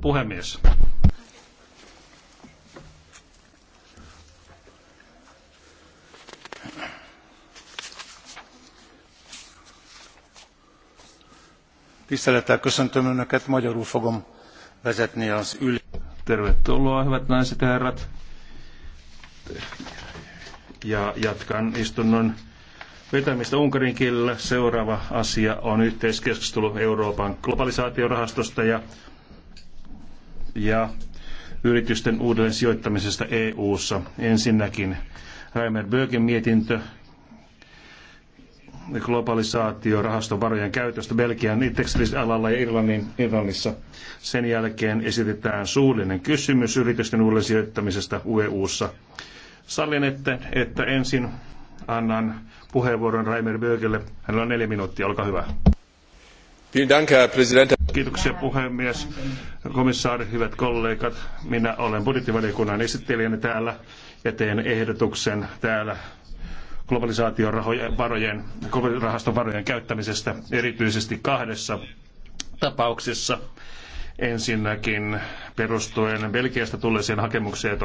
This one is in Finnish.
Puhemies. Tisztelettel köszöntöm Önöket, magyarul fogom vezetni az ülést. Tervetuloa, hyvät naiset ja herrat. Ja jatkan istunnon vetämistä unkarin kielellä. Seuraava asia on yhteiskeskustelu Euroopan globalisaatiorahastosta ja, ja yritysten uudelleen sijoittamisesta EU-ssa. Ensinnäkin Raimer Bögen mietintö globalisaatiorahaston varojen käytöstä Belgian tekstilisalalla ja Irlannin, Irlannissa. Sen jälkeen esitetään suullinen kysymys yritysten uudelleen sijoittamisesta EU-ssa. Sallin, että, että ensin annan puheenvuoron Raimer Bögelle. Hänellä on neljä minuuttia, olkaa hyvä. Kiitoksia puhemies, komissaari, hyvät kollegat. Minä olen budjettivaliokunnan esittelijänä täällä ja teen ehdotuksen täällä globalisaation varojen, rahaston varojen käyttämisestä erityisesti kahdessa tapauksessa. Ensinnäkin perustuen Belgiasta tulleeseen hakemukseen